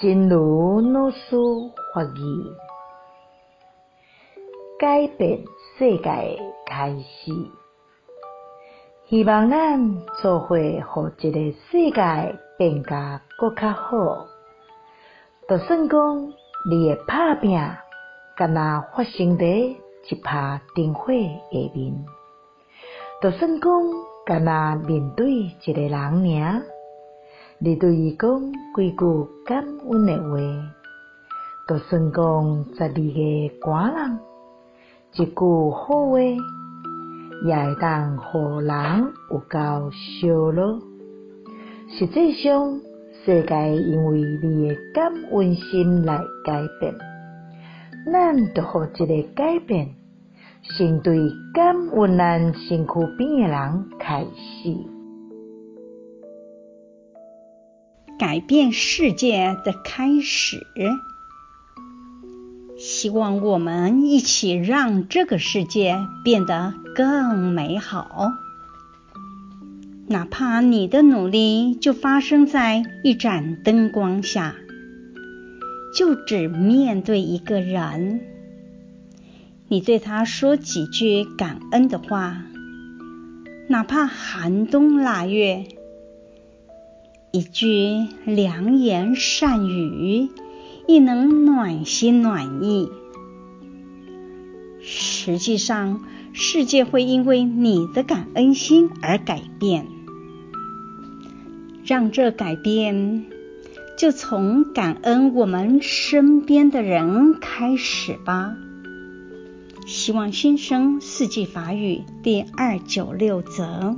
真如老師法語，改變世界開始。希望咱做伙互一個世界變甲擱較好。就算講你會拍拼，敢若發生在佇一拍燈火下面，就算講敢若面對一個人爾。你對伊講幾句感恩的話，就算講十二個寒人一句好話，也會當讓人有夠燒咯。實際上，世界因為你的感恩心來改變，咱就從這個改變，先對感恩身軀邊的人開始。改變世界的開始，希望我們一起讓這個世界變得更美好。哪怕你的努力就發生在一盞燈光下，就只面對一個人，你對他說幾句感恩的話，哪怕寒冬臘月。一句良言善語，亦能暖心暖意。實際上，世界會因為你的感恩心而改變。讓這改變，就從感恩我們身邊的人開始吧。希望新生四季法語第二九六則。